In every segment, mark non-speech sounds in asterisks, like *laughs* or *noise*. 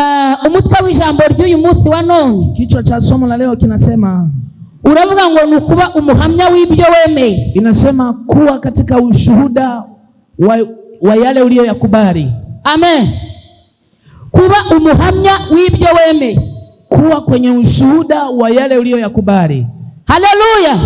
Uh, umutwe w'ijambo ry'uyu munsi wa none, kichwa cha somo la leo kinasema uravuga ngo ni ukuba umuhamya w'ibyo wemeye. Inasema kuwa katika ushuhuda wa, wa yale uliyoyakubali. Amen. Kuba umuhamya w'ibyo wemeye, kuwa kwenye ushuhuda wa yale uliyoyakubali. Haleluya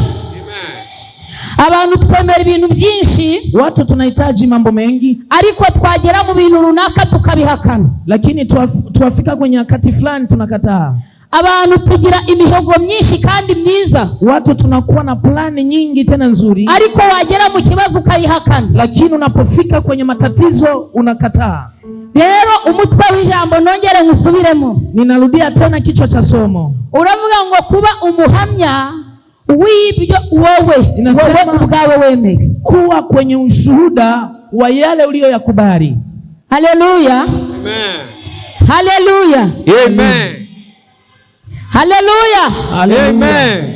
abantu twemera ibintu byinshi, watu tunahitaji mambo mengi, ariko twagera mu bintu runaka tukabihakana, lakini twafika tuaf, kwenye wakati fulani tunakataa. Abantu tugira imihogo myinshi kandi myiza, watu tunakuwa na plani nyingi tena nzuri, ariko wagera mu kibazo ukayihakana, lakini unapofika kwenye matatizo unakataa. Rero umutwe w'ijambo nongere nkusubiremo ninarudia tena kichwa cha somo, uravuga ngo kuba umuhamya wibyo wowe wowe ubwawe wemere kuwa kwenye ushuhuda wa yale uliyoyakubali. Haleluya, amen. Haleluya, amen. Haleluya, amen.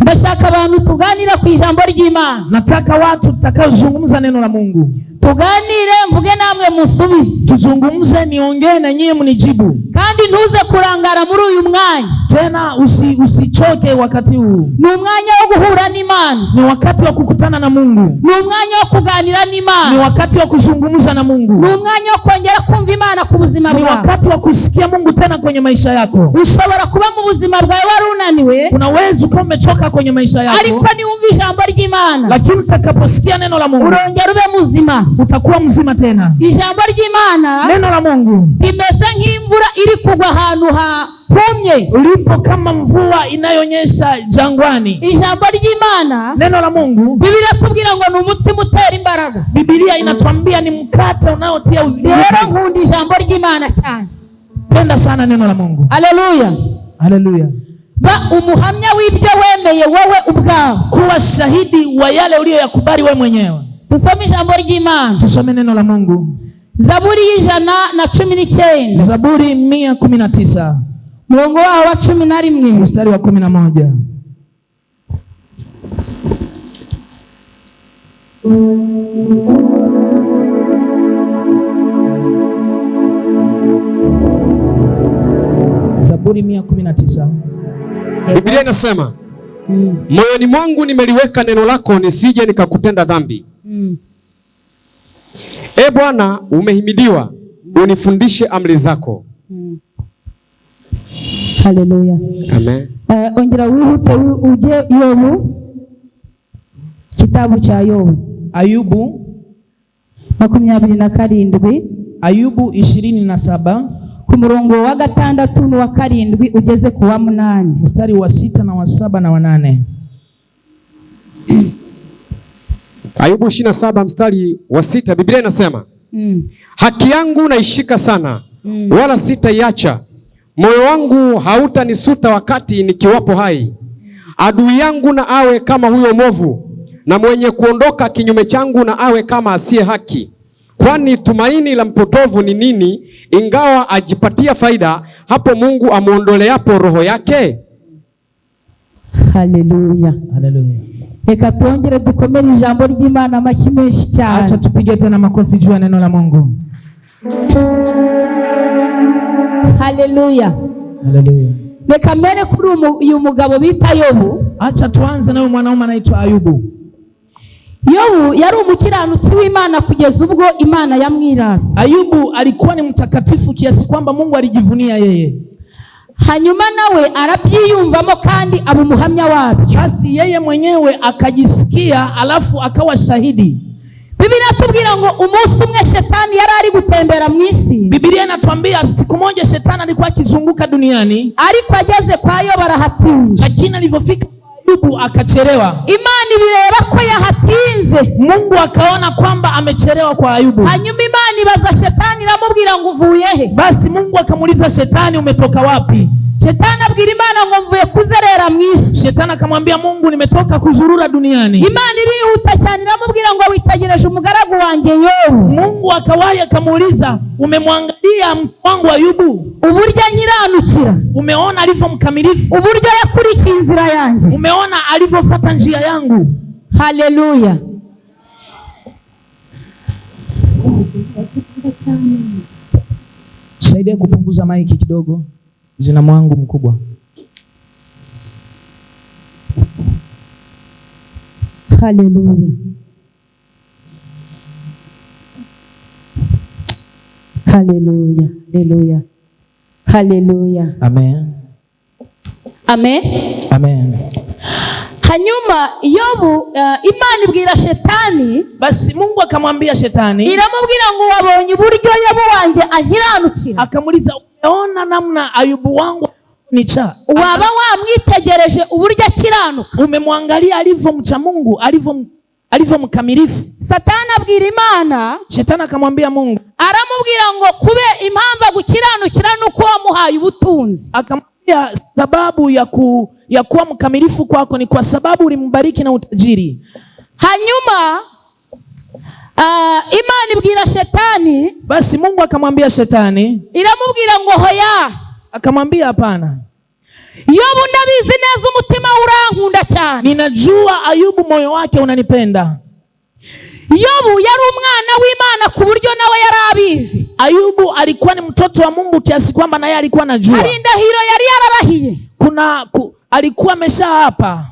Ndashaka abantu tuganira ku ijambo ry'Imana. Nataka watu tutakazungumza neno la Mungu tuganire, mvuge namwe musubize, tuzungumze, niongee na nyie mnijibu, kandi ntuze kurangara muri uyu mwanya tena usi, usichoke wakati huu. Ni umwanya wo guhura n'Imana. Ni wakati wa kukutana na Mungu. Ni umwanya wo kuganira n'Imana. Ni wakati wa kuzungumza na Mungu. Ni umwanya wo kongera kumva Imana ku buzima bwawe. Ni wakati wa kusikia Mungu tena kwenye maisha yako. Ushobora kuba mu buzima bwawe wari unaniwe. Unaweza uko umechoka kwenye maisha yako. Ariko niumva ijambo ry'Imana. Lakini utakaposikia neno la Mungu, urongera ube muzima. Utakuwa mzima tena. Ijambo ry'Imana. Neno la Mungu. Limeze nk'imvura iri kugwa ahantu ha humye ulipo kama mvua inayonyesha jangwani ijambo ry'imana neno la mungu bibiliya itubwira ngo ni umutsima utera imbaraga bibiliya inatwambia ni mkate unaotia uzima rero nkunda ijambo ry'imana cyane penda sana neno la mungu haleluya haleluya ba umuhamya w'ibyo wemeye wewe ubwawe kuwa shahidi wa yale uliyoyakubali wewe mwenyewe tusome ijambo ry'imana tusome neno la mungu zaburi y'ijana na cumi n'icyenda zaburi mia kumi na tisa murongo wabo wa cumi na rimwe mstari wa kumi na moja Zaburi mia kumi na tisa Biblia inasema mm. moyoni mwangu nimeliweka neno lako nisije nikakutenda dhambi mm. E Bwana, umehimidiwa, unifundishe amri zako mm haleluya amen uh, ongera wihute uje yobu kitabu cha yobu ayubu makumyabiri na karindwi ayubu ishirini na saba ku murongo wa gatandatu n'uwa karindwi ugeze ku wa munani mstari wa sita na wa saba na wa nane Ayubu ishirini na saba mstari wa sita Biblia inasema mm. haki yangu naishika sana mm. wala sitaiacha Moyo wangu hautanisuta wakati nikiwapo hai. Adui yangu na awe kama huyo mwovu, na mwenye kuondoka kinyume changu na awe kama asiye haki. Kwani tumaini la mpotovu ni nini, ingawa ajipatia faida, hapo Mungu amwondoleapo roho yake? Haleluya, haleluya. Reka twongere dukomere ijambo ry'Imana amashyi menshi cyane. Acha tupige tena makofi juu ya neno la Mungu haleluya reka mbere kuri uyu mugabo bita yobu aca tuanze nawe mwanaume anaitwa ayubu yobu yari umukiranutsi w'imana kugeza ubwo imana yamwirasa ayubu alikuwa ni mtakatifu kiasi kwamba mungu alijivunia yeye hanyuma nawe arabyiyumvamo kandi aba umuhamya wabyo basi yeye mwenyewe akajisikia alafu akawa shahidi Biblia inatubwira ngo umunsi umwe shetani yari ari gutembera mu isi. Biblia inatuambia siku moja shetani alikuwa akizunguka duniani, ariko ageze kwa Yobu arahatinda, lakini alivyofika Ayubu akachelewa. Imani ibireba ko yahatinze, Mungu akaona kwamba amechelewa kwa Ayubu. Hanyuma Imani ibaza shetani, iramubwira ngo uvuye he? Basi Mungu akamuliza shetani, umetoka wapi? Shetani abwira Imana ngo mvuye kuzerera mwisi. isi Shetani akamwambia Mungu nimetoka kuzurura duniani Imana irihuta cyane iramubwira ngo witegereje umugaragu wanjye Yobu Mungu akawahi akamuuliza umemwangalia mtu wangu Ayubu uburyo anyiranukira umeona alivyo mkamilifu uburyo yakurikiye inzira yanjye umeona alivyofuata njia yangu Haleluya Saidia kupunguza maiki kidogo zina mwangu mkubwa. Haleluya, haleluya, haleluya, haleluya. Amen. Amen. Amen. Hanyuma Yobu uh, Imana ibwira shetani basi Mungu akamwambia shetani iramubwira ngo wabonye uburyo Yobu wanjye ankiranukira akamuriza ona namna Ayubu wangu nicha waba wamwitegereje uburyo akiranuka, umemwangalia alivyo mcha Mungu, alivyo alivyo mkamilifu. Satani abwira Imana, shetani akamwambia Mungu, aramubwira ngo kube impamvu agukiranukira nuko wamuhaye ubutunzi, akamwambia sababu ya, ku, ya kuwa mkamilifu kwako ni kwa sababu ulimbariki na utajiri. hanyuma Uh, ah, Imana ibwira shetani. Basi Mungu akamwambia shetani, iramubwira ngo hoya, akamwambia hapana. Yobu ndabizi neza umutima urankunda cyane. Ninajua Ayubu moyo wake unanipenda. Yobu yari umwana w'Imana ku buryo nawe yari abizi. Ayubu alikuwa ni mtoto wa Mungu kiasi kwamba naye alikuwa anajua. Hari ndahiro yari yararahiye. Kuna ku, alikuwa amesha hapa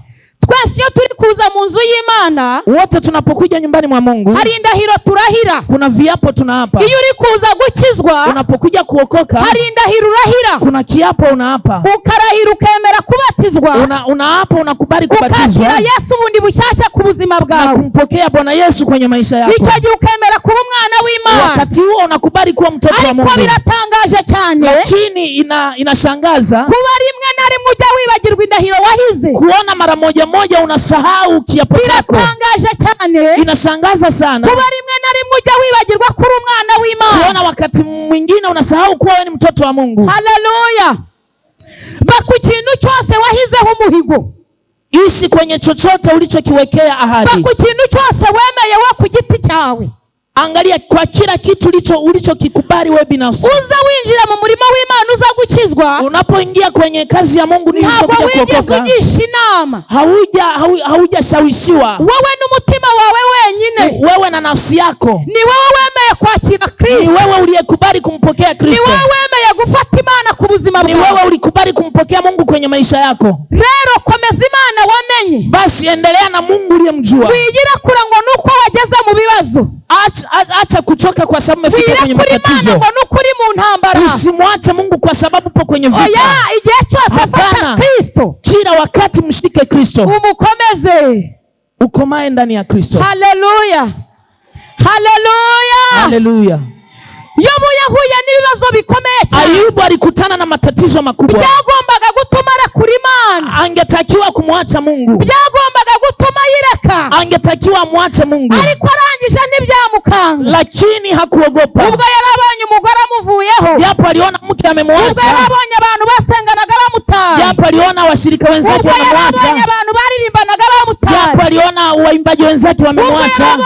twese iyo turi kuza mu nzu y'Imana, wote tunapokuja nyumbani mwa Mungu, hari indahiro turahira, kuna viapo tunaapa. Iyo uri kuza gukizwa, unapokuja kuokoka, hari indahiro urahira, kuna kiapo unaapa, ukarahira ukemera kubatizwa, una, unaapa unakubali kubatizwa, ukakira Yesu ubundi bushyashya ku buzima bwawe, na kumpokea Bwana Yesu kwenye maisha yako, icyo gihe ukemera kuba umwana w'Imana. Wakati huo unakubali kuba mtoto wa Mungu. Ariko biratangaje cyane, lakini inashangaza ina, kuba rimwe na rimwe ujya wibagirwa indahiro wahize, kuona mara moja moja unasahau kiapo chako. Biratangaje cyane, inashangaza sana kuba rimwe na rimwe ujya wibagirwa kuri umwana w'Imana, kuona wakati mwingine unasahau kuwa wewe ni mtoto wa Mungu. Haleluya! baku kintu cyose wahizeho umuhigo ishi kwenye chochote ulichokiwekea ahadi, baku kintu cyose wa ku giti cyawe angalia kwa kila kitu ulicho ulichokikubali wewe binafsi. uza winjira mu murimo w'Imana uza gukizwa. Unapoingia kwenye kazi ya Mungu ntabwo wigeze ugisha inama, haujashawishiwa. Wewe n'umutima wawe wenyine, wewe na nafsi yako. Ni wewe wemeye kwakira Kristo, ni wewe uliyekubali kumpokea Kristo, ni wewe wemeye gufata Imana ku buzima bwawe, ni wewe ulikubali kumpokea Mungu kwenye maisha yako. Rero komeza Imana wamenye, basi endelea na Mungu uliyemjua, wiyirakura ngo nuko wageze mu bibazo acha kuchoka kwa sababu umefika kwenye matatizo. Usimwache Mungu kwa sababu upo kwenye vita. Hapana, kila wakati mshike Kristo, umukomeze, ukomae ndani ya Kristo. Haleluya, haleluya, haleluya yobu yahuye n'ibibazo bikomeye cyane ayubu alikutana na matatizo makubwa byagombaga gutuma arekura imana angetakiwa kumwacha mungu byagombaga gutuma yireka angetakiwa amwache mungu ariko arangije ntibyamukanga lakini hakuogopa ubwo umugore amuvuyeho aliona mke amemwacha ubwo abantu basenganaga aliona washirika wenzake wanamwacha ubwo abantu baririmbanaga aliona waimbaji wenzake wamemwacha ubwo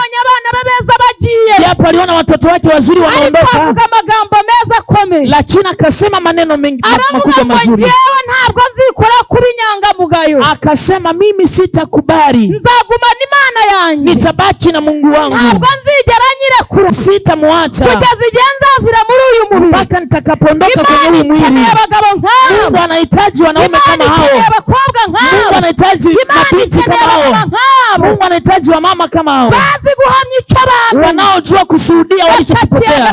abana bagiye aliona watoto wake wazuri wanaondoka amagambo meza akomeye lakini akasema maneno mengi makubwa mazuri. Ngewe ntabwo nzikora kuri nyangamugayo, akasema mimi sitakubali, nzaguma n'Imana yanjye, nitabaki na Mungu wangu, ntabwo nzigera nyirekura, sitamuacha kugeza igihe nzavira mu huyu mwili mpaka nitakapoondoka kwenye huu mwili. Mungu anahitaji wanaume kama hao. Mungu anahitaji mabinti kama hao. Mungu anahitaji wamama kama hao, wanaojua kushuhudia walichokipokea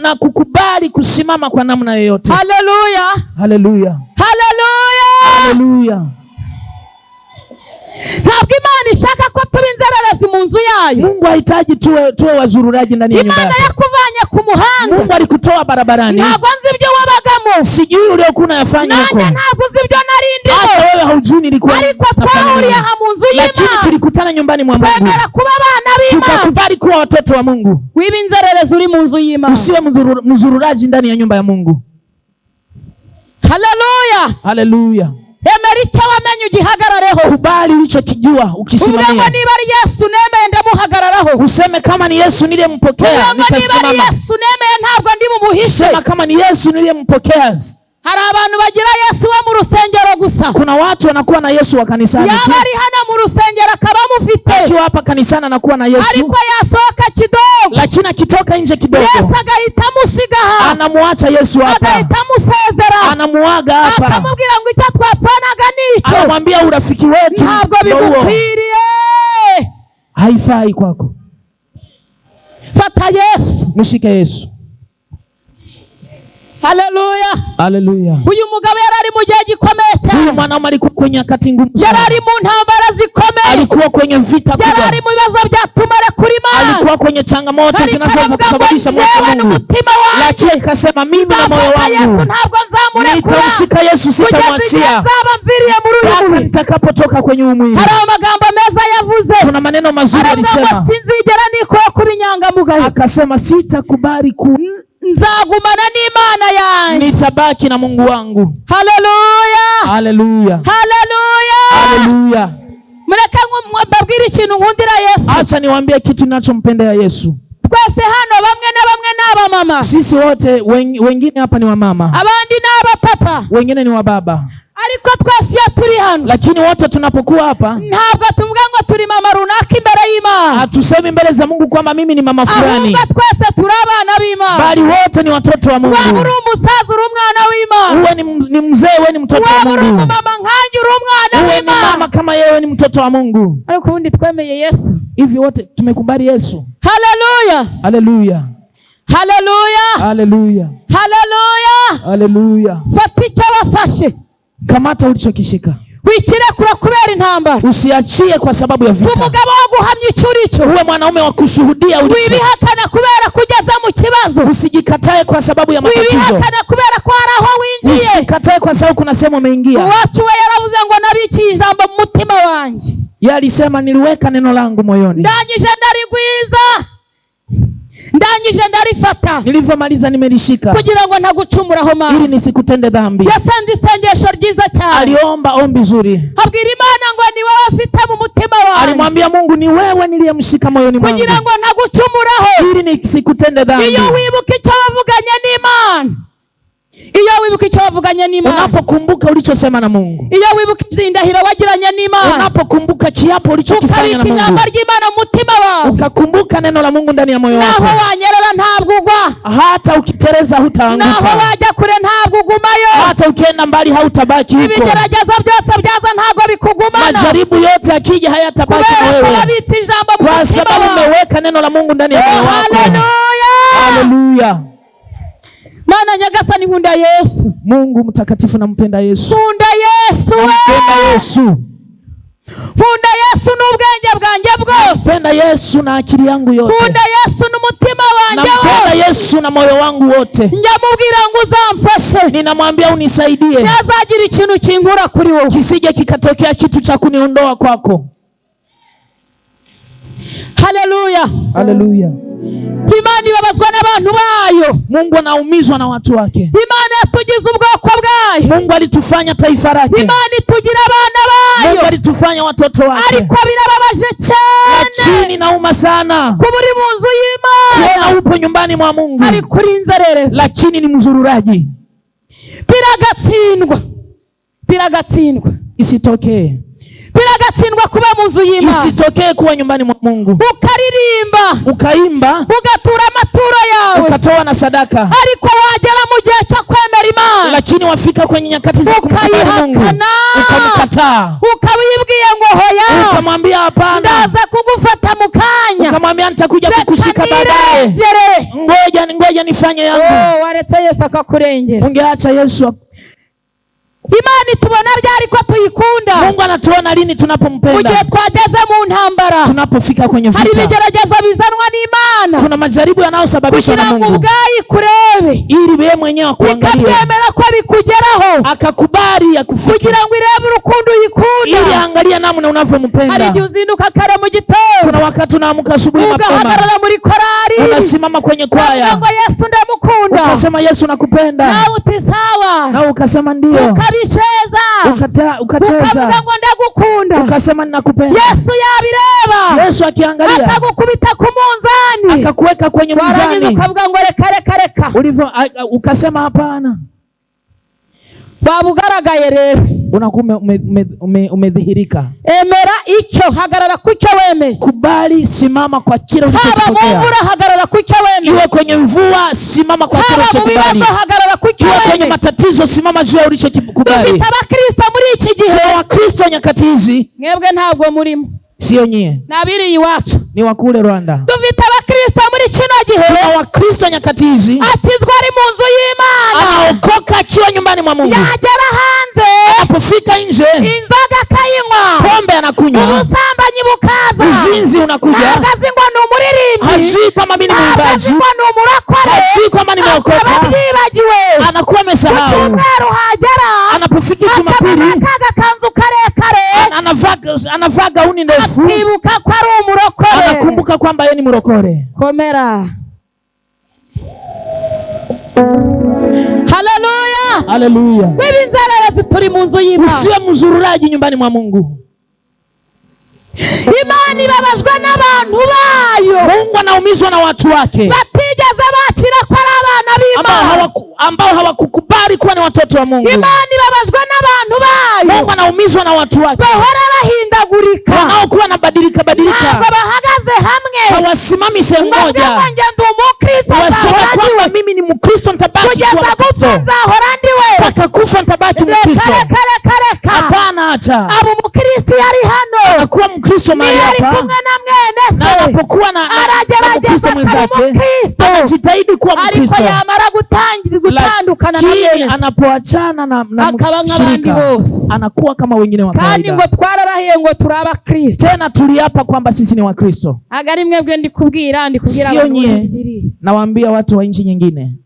na kukubali kusimama kwa namna yoyote. Haleluya, haleluya, haleluya, haleluya ntabwo imana ishaka ko tuba inzererezi mu nzu yayo mungu hahitaji tuwe, tuwe wazururaji ndani ya nyumba imana yakuvanye ku muhanda mungu ari alikutoa barabarani ntabwo nzi ibyo wabagamo sijui uliokuwa yafanye huko nani ntabwo uzi ibyo narindi hata wewe haujui nilikuwa ariko twahuriye ha mu nzu y'imana lakini tulikutana nyumbani mwa mungu kwemera kuba abana b'imana tukakubali kuwa watoto wa mungu wiba inzererezi uri mu nzu y'imana usiwe mzururaji ndani ya nyumba ya mungu haleluya haleluya emera icyo wamenye ugihagarara Roho hubali ulichokijua ukisimamia. Useme kama ni Yesu niliyempokea nitasimama. Sema kama ni Yesu niliyempokea hari abantu bagira yesu wo mu rusengero gusa kuna watu wanakuwa na yesu wa kanisani yaba ari hano mu rusengero akaba amufite akiwa hapa kanisani anakuwa na yesu ariko yasohoka kidogo lakini akitoka nje kidogo yesu agahita amusiga hapa anamuacha yesu hapa agahita amusezera anamuaga hapa akamubwira ngo icyo twapfanaga nicyo anamwambia urafiki wetu ntabwo bigukwiriye haifai kwako fata yesu mshike yesu Haleluya. Haleluya. Uyu mugabo yarari mu gihe gikomeye cyane. Huyu mwanaume alikuwa kwenye wakati ngumu Yarari mu ntambara zikomeye. Alikuwa kwenye vita kubwa. Yarari mu bibazo bya tumare kurima. Alikuwa kwenye changamoto zinazoweza kusababisha mwacha Mungu. Lakini akasema mimi na moyo wangu. Yesu ntabwo nzamureka. Nitamshika Yesu sitamwachia. Mpaka nitakapotoka kwenye huu mwili. Hari amagambo meza yavuze. Kuna maneno mazuri alisema. Sinzigera nikoye kuba Akasema sitakubali ku nzagumbana n'imana yanjye nisabaki na mungu wangu haleluya haleluya haleluya haleluya mureke mbabwire ikintu nkundira yesu acha niwaambie kitu ninachompendea yesu twese hano bamwe na bamwe ni abamama sisi wote wengine hapa ni wamama abandi ni abapapa wengine ni wababa ariko twese iyo turi hano, lakini wote tunapokuwa hapa, ntabwo tuvuga ngo turi mama runaka imbere y'Imana. Hatusemi imbere za Mungu kwamba mimi ni mama fulani, ahubwo twese turi abana b'Imana, bali wote ni watoto wa Mungu. Waba uri umusaza uri umwana w'Imana, uwe ni mzee, uwe ni mtoto wa Mungu. Waba uri umumama nkanjye uri umwana w'Imana, uwe ni mama kama yewe ni mtoto wa Mungu. Ariko ubundi twemeye Yesu, hivi wote tumekubali Yesu. Haleluya, haleluya Haleluya. Haleluya. Haleluya. Haleluya. Fata icyo wafashe kamata ulichokishika wikirekura kubera intambara usiachie kwa sababu ya vita umugabo wo guhamya icyuri cyo uwe mwanaume wa kushuhudia wibihakana kubera kugeza mu kibazo usijikatae kwa sababu ya matatizo wibihakana kubera ko hari aho winjiye usikatae kwa sababu kuna sehemu umeingia uwacu we yaravuze ngo nabikiye ijambo mu mutima wanjye yalisema niliweka neno langu moyoni ndanyije ndaligwiza ndangije ndarifata nilivyomaliza nimelishika kugira ngo ntagucumuraho mama ili nisikutende dhambi yasanze isengesho ryiza cyane aliomba ombi zuri abwira imana ngo ni wewe afite mu mutima wawe alimwambia mungu ni wewe niliyemshika moyoni mwangu kugira ngo ho ili nisikutende dhambi iyo wibuka icyo wavuganye n'imana iyo wibuka icyo wavuganye n'Imana, unapokumbuka ulichosema na Mungu, iyo wibuka indahiro wagiranye n'Imana, unapokumbuka kiapo ulichokifanya na Mungu, ijambo mutima wawe, ukakumbuka neno la Mungu ndani ya moyo wako, naho wanyerera ntabwo ugwa, hata ukitereza hutaanguka, naho wajya kure ntabwo ugumayo, hata ukienda mbali hautabaki huko. Ibigerageza byose byaza ntabwo bikugumana, majaribu yote akija hayatabaki na wewe, kwa sababu umeweka neno la Mungu ndani ya moyo oh, wako. Haleluya, haleluya. Mana nyagasa ni hunda Yesu. Mungu mtakatifu nampenda Yesu. Hunda Yesu. Nampenda Yesu. Hunda Yesu n'ubwenge bwanjye bwose. Nampenda Yesu na akili yangu yote. Hunda Yesu n'umutima wanjye wote. Nampenda Yesu na moyo wangu wote. Njamubwira ngo uzamfashe. Ninamwambia unisaidie. Ntazagira ikintu kingura kuri wowe. Kisije kikatokea kitu cha kuniondoa kwako. Haleluya. Haleluya imana ibabazwa n'abantu bayo mungu anaumizwa na watu wake imana yatugize ubwoko bwayo mungu alitufanya taifa lake imana itugira abana bayo mungu alitufanya watoto wake ariko birababaje cyane lakini nauma sana kuba mu nzu y'imana kuona upo nyumbani mwa mungu ariko uri inzererezi lakini ni mzururaji biragatsindwa biragatsindwa isitokee okay biragatsindwa kuba mu nzu y'Imana. Isitokee kuwa nyumbani mwa Mungu, ukaririmba ukaimba, ugatura amaturo yawe, ukatoa na sadaka, ariko wagera mu gihe cyo kwemera Imana, lakini wafika kwenye nyakati za kumkana Mungu ukamkataa, ukabibwiye ngo hoya, ukamwambia hapana, ndaza kugufata mukanya, ukamwambia nitakuja kukushika baadaye, ngoja ngoja nifanye yangu. Oh, waretse Yesu akakurengera, ungeacha Yesu Imani tubona ryari ko tuyikunda? Mungu anatuona lini tunapompenda? Kugihe twageze mu ntambara, tunapofika kwenye vita. Hari vigeragezo bizanwa n'Imana, kuna majaribu yanayosababishwa na Mungu, kugira ngo ubwayi kurebe, ili yeye mwenyewe akuangalie, akabyemera ko bikugeraho, akakubali akufike, kugira ngo irebe urukundo yikunda. ili angalia namna unavyompenda. Hari gihe uzinduka kare mu gitondo, kuna wakati unaamka asubuhi mapema, ugahagarara muri korari, unasimama kwenye kwaya, Yesu ndamukunda, ukasema Yesu nakupenda, Na utisawa. Na ukasema ndio Uka yabicheza ukata, ukacheza ukavuga ndagukunda ukasema ninakupenda. Yesu yabireba, Yesu akiangalia akagukubita kumunzani akakuweka kwenye mzani, ukavuga ngo reka reka reka, ulivyo ukasema hapana babugaragaye rero unakuwa umedhihirika ume, ume, ume emera icho hagarara ku wemeye kubali simama kwa kila ulichokipokea haba hagarara ku wemeye iwe kwenye mvua simama kwa kila ulichokubali hagarara ku wemeye kwenye matatizo simama juu ya ulichokubali dufite abakristo muri iki gihe wa kristo nyakati hizi mwebwe ntabwo murimo Sio nyie. Nabiri iwacu. Ni wakule Rwanda. tuvita abakristo muri kino gihe. Tuna wakristo nyakati hizi. Akizwa ari mu nzu y'Imana. Anaokoka akiwa nyumbani mwa Mungu. Yagera hanze. Anapofika nje. Inzoga kayinywa. Pombe anakunywa. Ubusambanyi bukaza. Uzinzi unakuja. Akazi ngo ni umuririmbi. Hajui kama mimi ni mwimbaji. Akazi ngo ni umurokore. Hajui kama nimeokoka. Akababyibagiwe. Anakuwa amesahau. Ku cyumweru hagera. Anapofika Jumapili. Akabona kaga anavaa gauni ndefu, akibuka ko ari umurokore, anakumbuka kwamba yeye ni murokore. Komera, haleluya, haleluya. Wewe nzarara turi mu nzu usiwe mzururaji nyumbani mwa Mungu. Imani na n'abantu bayo, Mungu anaumizwa na watu wake, batigeze bakira kwa ambao hawakukubali kuwa ni watoto wa Mungu. Imani babazwa na n'abantu bayo. Mungu anaumizwa na watu wake bahora bahindagurika, wanaokuwa na badilika, badilika. ntabwo bahagaze hamwe, hawasimami sehemu moja. Wasema kwamba mimi ni Mkristo ntabaki kugeza gupfa nzahora ndi wewe, mpaka kufa ntabaki Mkristo. Hapana, acha abo Mkristo yari hano, anakuwa Mkristo mahali hapa Ni na anapokuwa na Mkristo mwenzake anajitahidi kuwa Mkristo anapoachana na, na mshirika anakuwa kama wengine wa kawaida. Tena tuliapa kwamba sisi ni Wakristo, sio nyie. Nawaambia watu wa nchi nyingine,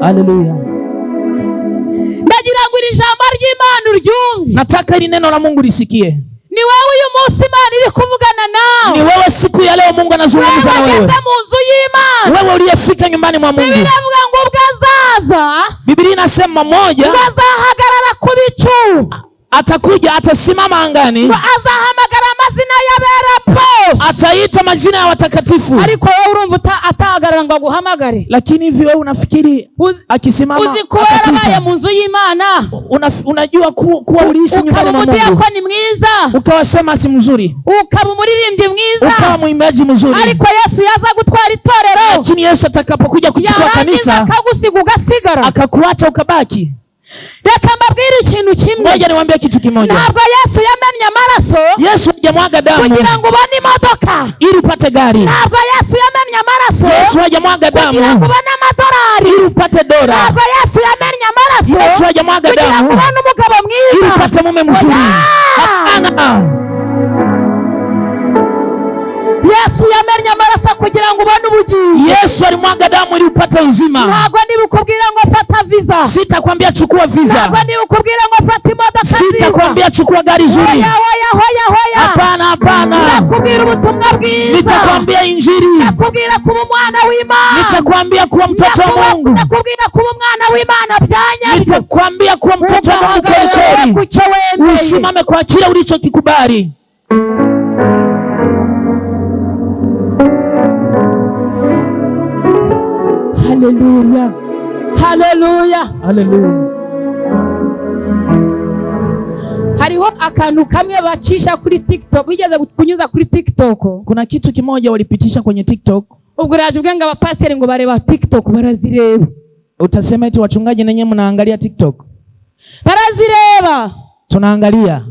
haleluya. Ndagira ngo iri jambo ry'Imana uryumve. Nataka ili neno la Mungu risikie ni wewe uyu munsi Imana iri kuvugana nawe. Ni wewe siku ya leo Mungu anazungumza na wewe. Wewe mu nzu y'Imana. Wewe uliyefika nyumbani mwa Mungu. Biblia inavuga ngo ubwazaza. Biblia inasema moja. Bwazahagarara ku bicu atakuja atasimama angani, ataita majina ya watakatifu. Lakini hivi wewe unafikiri akisimama una, unajua kuwa uliishi nyumbani mwa Mungu ukawa shemasi mzuri ukaba umuririmbyi mwiza ukawa mwimbaji mzuri, lakini Yesu atakapokuja kuchukua kanisa akakuwata ukabaki reka mbabwire ikintu kimwe ngoja niwaambie kitu kimoja ntabwo yesu yamennye amaraso yesu hajamwaga damu kugira ngo ubone imodoka ili upate gari ntabwo yesu yamennye amaraso yesu hajamwaga damu kugira ngo ubone amadorari. ili upate dola ntabwo yesu yamennye amaraso yesu hajamwaga damu kugira ngo ubone umugabo mwiza ili upate mume mzuri hapana yesu yamennye amaraso kugira ngo ubone ubugingo yesu alimwaga damu ili upata uzima ntabwo ndibukubwira ngo fata viza sitakwambia chukua viza ntabwo ndibukubwira ngo fata imodoka sitakwambia chukua gari zuri hoya hoya hoya hoya hapana hapana nakubwira ubutumwa bwiza nitakwambia injili nakubwira kuba umwana w'imana nitakwambia kuwa mtoto wa mungu nakubwira kuba umwana w'imana byanyaryo nitakwambia kuwa mtoto wa mungu kweli kweli usimame kwa thank you Alléluia. Alléluia. Alléluia. Hariho akantu kamwe bacisha kuri TikTok, bigeze kunyuza kuri TikTok? Kuna kitu kimoja walipitisha kwenye TikTok. Ubwo raje ubwenga abapaseri ngo bareba TikTok, barazireba. Utasema eti wachungaji nenye mnaangalia TikTok? Barazireba, tunaangalia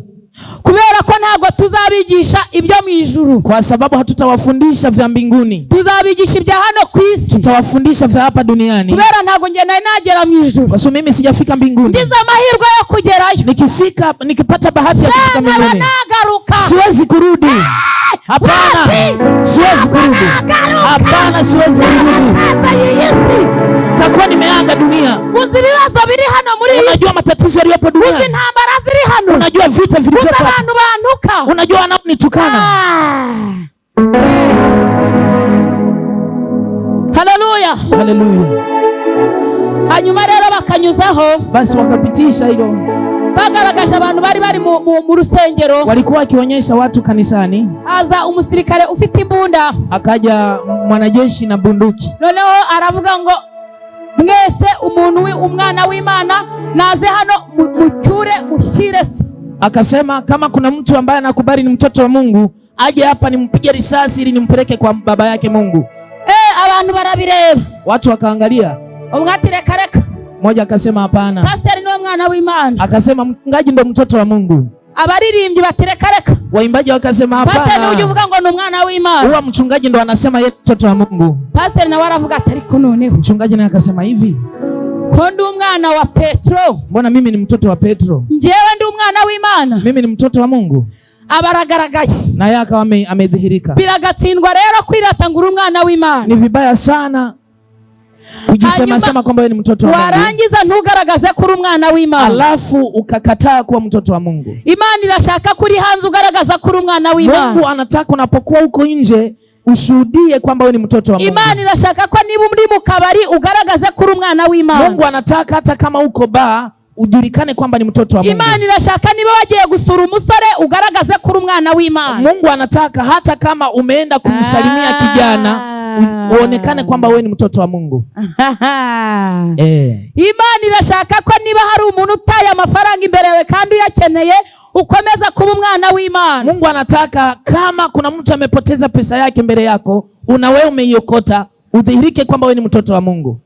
kubera ko ntabwo tuzabigisha ibyo mu ijuru, kwa sababu hatutawafundisha vya mbinguni. Tuzabigisha ibya hano ku isi, tutawafundisha vya hapa duniani, kubera ntabwo nge nari nagera mu ijuru. Kwa sababu mimi sijafika mbinguni, ndiza amahirwe yo kugerayo. Nikifika, nikipata bahati ya kufika mbinguni, siwezi kurudi. Eh! Hapana, siwezi kurudi. Hapana, siwezi kurudi nakuba nimeaga dunia. Uzibirazo biri hano muri iyi. Unajua matatizo yaliyopo dunia. Uzi ntambara ziri hano. Unajua vita vilivyopo. Uzi abantu banuka. Unajua wanaonitukana. Ah. Haleluya. Haleluya. Hanyuma rero bakanyuzaho. Basi wakapitisha hilo. Bagaragaje abantu bari bari mu rusengero. Walikuwa wakionyesha watu kanisani. Aza umusirikare ufite imbunda. Akaja mwanajeshi na bunduki. Noneho aravuga ngo mwese umuntu umwana w'Imana naze hano mucyure mushyire se. Akasema kama kuna mtu ambaye anakubali ni mtoto wa Mungu aje hapa nimpige risasi ili nimpeleke kwa baba yake Mungu. Eh, abantu barabireba. Watu wakaangalia. Umwati reka reka. Mmoja akasema hapana. Pastor ni mwana w'Imana. Akasema ngaji ndo mtoto wa Mungu abaririmbyi batereka reka, waimbaji wakasema hapana. Pastor uje uvuga ngo ni umwana w'Imana, uwa mchungaji ndo anasema yeye mtoto wa Mungu. Pastor na waravuga atariko noneho, mchungaji naye akasema hivi ko ndi umwana wa Petro, mbona mimi ni mtoto wa Petro? Njewe ndi umwana w'Imana, mimi ni mtoto wa Mungu abaragaragaye naye akawa amedhihirika. Biragatsindwa rero kwiratangura umwana w'Imana, ni vibaya sana kujisema sema kwamba wewe ni mtoto wa Mungu, warangiza ntugaragaze kuri umwana w'Imana, alafu ukakataa kuwa mtoto wa Mungu. Imana inashaka kuri hanze ugaragaza kuri umwana w'Imana. Mungu anataka unapokuwa huko nje ushuhudie kwamba wewe ni mtoto wa Mungu. Imana inashaka kwa niba uri mu kabari ugaragaze kuri umwana w'Imana. Mungu anataka hata kama uko ba ujulikane kwamba ni mtoto wa Mungu. Imana inashaka niba wagiye gusura umusore ugaragaze kuri umwana w'Imana. Mungu anataka hata kama umeenda kumsalimia ah. kijana uonekane kwamba wewe ni mtoto wa Mungu *laughs* eh. Imana irashaka ko niba hari umuntu utaye amafaranga imbere yawe kandi uyakeneye ukomeza kuba umwana w'Imana. Mungu anataka kama kuna mtu amepoteza pesa yake mbele yako, una wewe umeiokota, udhihirike kwamba wewe ni mtoto wa Mungu.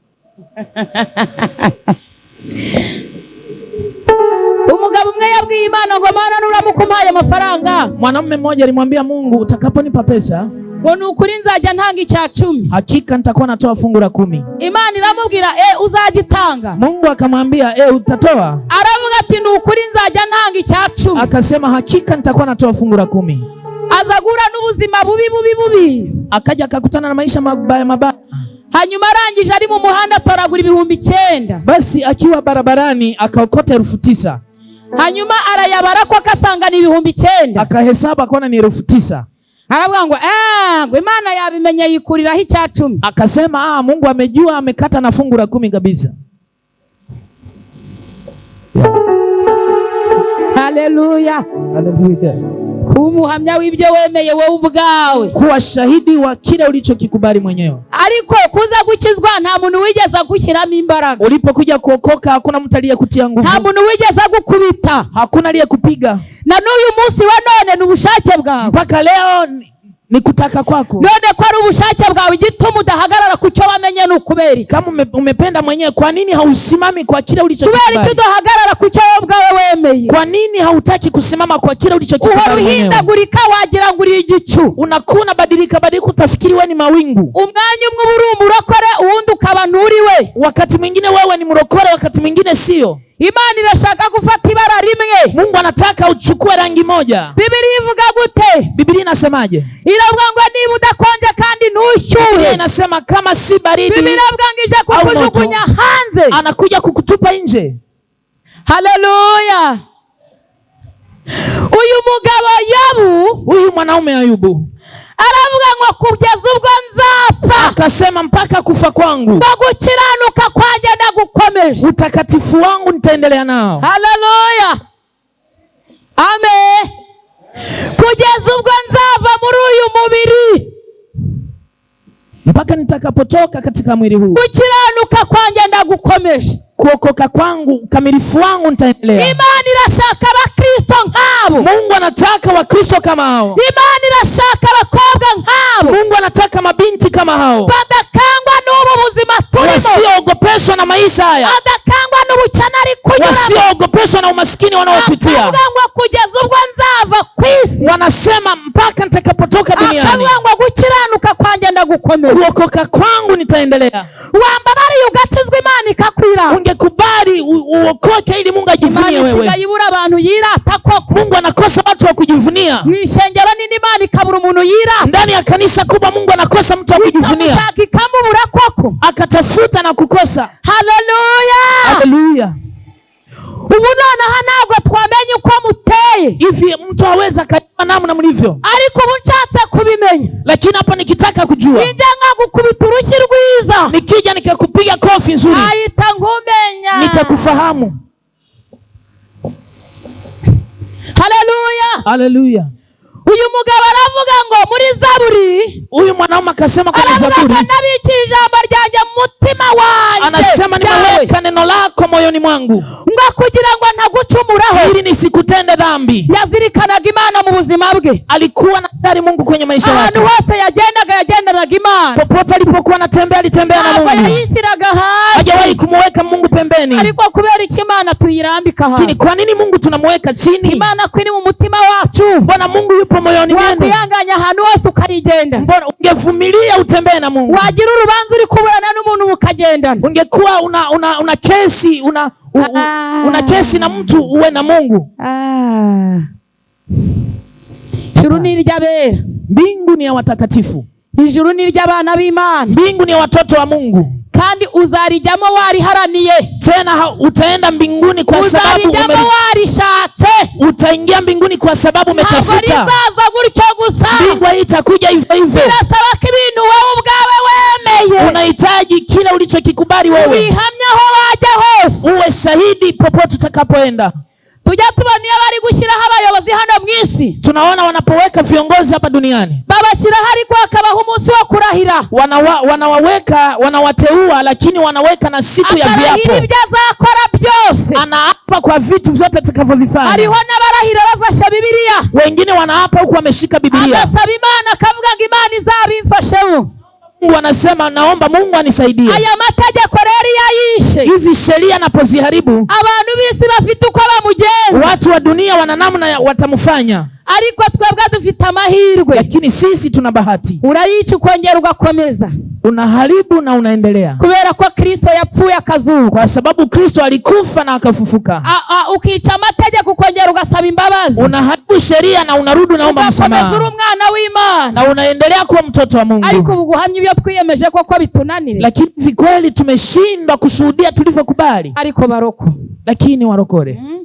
*laughs* Umugabo umwe yabwiye Imana ngo, mana nuramukumpaye amafaranga. Mwanamume mmoja alimwambia Mungu, utakaponipa pesa ngo ni ukuri nzajya ntanga icya cumi, hakika nitakuwa natoa fungu la kumi. Imana iramubwira e, uzagitanga. Mungu akamwambia e, utatoa? Aravuga ati ni ukuri nzajya ntanga icya cumi. Akasema hakika nitakuwa natoa fungu la kumi. Azagura n'ubuzima bubi bubi bubi, akaja akakutana na maisha mabaya mabaya hanyuma arangije ari mu muhanda atoragura ibihumbi icyenda basi akiwa barabarani akaokota elfu tisa hanyuma arayabarako akasanga ni ibihumbi icyenda akahesaba akaona ni elfu tisa Aravuga ah, ngo eh, ngo Imana yabimenye yikuriraho icya cumi. Akasema ah, Mungu amejua amekata na fungu la kumi kabisa. Hallelujah. Hallelujah kumuhamya w'ibyo wemeye wowe ubwawe kuwa shahidi wa kile ulichokikubali mwenyewe ariko kuza gukizwa nta muntu wigeze agushyiramo imbaraga ulipokuja kuokoka hakuna mtu aliyekutia nguvu nta muntu wigeze agukubita hakuna aliyekupiga na n'uyu munsi wa none ni ubushake bwawe mpaka leo ni kutaka kwako. none kwa ari ubushake bwawe igituma udahagarara kucyo cyo wamenye ni ukubera Kama umependa mwenye kwa nini hausimami kwa kile ulichokikubali? Kubera iki udahagarara kucyo cyo ubwawe wemeye? Kwa nini hautaki kusimama kwa kile ulichokikubali mwenyewe? Uhora uhindagurika, wagira ngo uri igicu, unakuna unabadilika badilika, utafikiri wewe ni mawingu. Umwanya umwe uba uri umurokore, uwundi ukaba nturi we. Wakati mwingine wewe ni murokore, wakati mwingine sio. Imana irashaka gufata ibara rimwe. Mungu anataka uchukue rangi moja. Biblia ivuga gute? Biblia inasemaje? Iravuga ngo niba udakonje kandi ntushyuhe. Biblia inasema kama si baridi. Biblia iravuga ngo ije kukujugunya hanze. Anakuja kukutupa nje. Haleluya. Uyu mugabo yabu uyu mwanaume Ayubu aravuga ngo kugeza ubwo nzapfa akasema mpaka kufa kwangu ngo gukiranuka kwanjye nagukomeje utakatifu wangu nitaendelea nao haleluya amen kugeza ubwo nzava muri uyu mubiri mpaka nitakapotoka katika mwili huu. Kukiranuka kwanjye ndagukomeje, kuokoka kwangu, ukamilifu wangu nitaendelea. Imana irashaka abakristo Mungu anataka Wakristo kama hao. imani irashaka abakobwa nkabo. Mungu anataka mabinti kama hao. Badakangwa n'ubu buzima turimo. Wasiogopeshwa na maisha haya. Badakangwa n'ubukene ari kunyuramo. Wasiogopeshwa na umaskini wanaopitia. ngo kugeza ubwo nzava ku isi. Wanasema mpaka nitakapotoka duniani. Bakangwa gukiranuka kwa gukomera kurokoka kwangu nitaendelea. wambabari ugakizwa Imana ikakwira. Ungekubali uokoke ili Mungu ajivunie wewe. Imana ibura abantu yirata ko Mungu anakosa watu wa kujivunia. Mwishengero nini Imana ikabura umuntu yirata. Ndani ya kanisa kubwa Mungu anakosa mtu wa kujivunia. Akamubura koko. Akatafuta na kukosa. Haleluya. Haleluya. Ubu nonaha ntabwo twamenye uko hivi mtu aweza kajua namna mlivyo ariko ubu nshatse kubimenya lakini hapa nikitaka kujua ninja nkagukubita urushyi rwiza nikija nikakupiga kofi nzuri ahita nkumenya nitakufahamu haleluya haleluya uyu mugabo aravuga ngo muri zaburi uyu mwanaume akasema kwenye zaburi nabiki ijambo ryanjye mu mutima wanjye anasema nimeweka neno lako moyoni mwangu ngo kugira ngo ntagucumuraho iri ili nisikutende dhambi yazirikanaga imana mu buzima bwe alikuwa na natari mungu kwenye maisha yake ahantu hose yagendaga yagendanaga imana popote alipokuwa anatembea alitembea na mungu yayishyiraga hasi hajawahi kumuweka mungu pembeni ariko kubera iki imana tuyirambika hasi kwa nini mungu tunamuweka chini imana kwini mu mutima wacu mbona mungu yupo moyoni mwenu wakwihanganya ahantu hose ukarigenda mbona ungevumilia utembee na Mungu wagira urubanza uri kuburana n'umuntu mukagendana ungekuwa una, una, una kesi una, u, u, ah. una kesi na mtu uwe na Mungu ah. ijuru ni iry'abera mbingu ni ya watakatifu ijuru ni iry'abana b'Imana mbingu ni ya watoto wa Mungu kandi uzarijyamo wariharaniye tena utaenda mbinguni kwa sababu uzarijyamo warishatse utaingia mbinguni kwa sababu umetafuta ntabwo rizaza gutyo gusa mbingwa itakuja hivyo hivyo birasaba ko ibintu wowe ubwawe wemeye unahitaji kila ulichokikubali wewe uihamyaho wajya hose uwe shahidi popote utakapoenda tujya tubona bari gushyiraho abayobozi hano mu isi tunaona wanapoweka viongozi hapa duniani babashyiraho ariko hakabaho umunsi wo kurahira wanawaweka wanawateua lakini wanaweka na siku ya viapo ibyo azakora byose anaapa kwa vitu vyote atakavyovifanya hariho n'abarahira bafashe bibiliya wengine wanaapa huku wameshika bibiliya agasaba imana akavuga ngo imana izabimfasheho Mungu anasema naomba Mungu anisaidie. Aya mategeko rero yayishe. Hizi sheria napoziharibu. Abantu bisi bafite uko bamugenda. Watu wa dunia wana namna watamfanya ariko twebwe dufite amahirwe, lakini sisi tuna bahati. Unaishi ukongera ugakomeza, unaharibu na unaendelea, kubera ko Kristo yapfuye akazuka, kwa sababu Kristo alikufa na akafufuka. Ukica amategeko ukongera ugasaba imbabazi, unaharibu sheria na unarudi unaomba msamaha, umwana w'Imana na unaendelea kuwa mtoto wa Mungu. Ariko ubu guhamya ibyo twiyemeje koko bitunanire, lakini vikweli tumeshindwa kushuhudia tulivyokubali, ariko baroko, lakini warokore mm.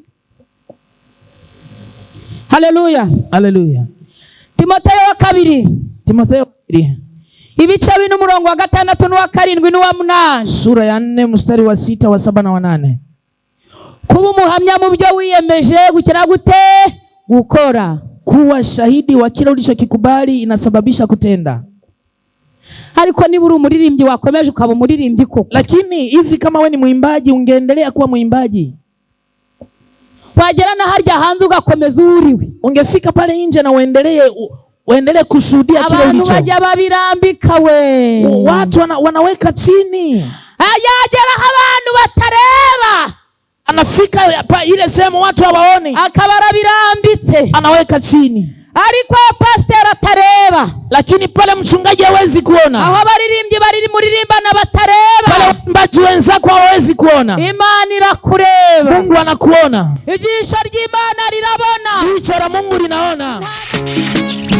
Haleluya. Haleluya. Timoteyo wa kabiri. Timoteyo wa kabiri. Ibice bine umurongo wa gatandatu n'uwa karindwi n'uwa munani. Sura ya nne mstari wa sita wa saba na wa nane. Kuba umuhamya mu byo wiyemeje gukira gute gukora. Kuwa shahidi wa kila ulichokikubali inasababisha kutenda. Ariko niba uri umuririmbyi wakomeje ukaba umuririmbyi koko. Lakini hivi kama we ni mwimbaji ungeendelea kuwa mwimbaji wagera na harya hanze ugakomeza uriwe. Ungefika pale nje na uendelee uendelee kushuhudia kile ulicho. Abantu babirambika we. Watu wana, wanaweka chini. Ayagera ah, abantu batareba. Anafika ile sehemu watu hawaoni. Akabarabirambitse. Anaweka chini ariko pasiteri atareba, lakini pale mchungaji hawezi kuona, aho abaririmbyi muririmba na batareba, pale waimbaji wenzako hawezi kuona, Imana irakureba, Mungu anakuona, ijisho ry'Imana rirabona, ijisho la Mungu linaona.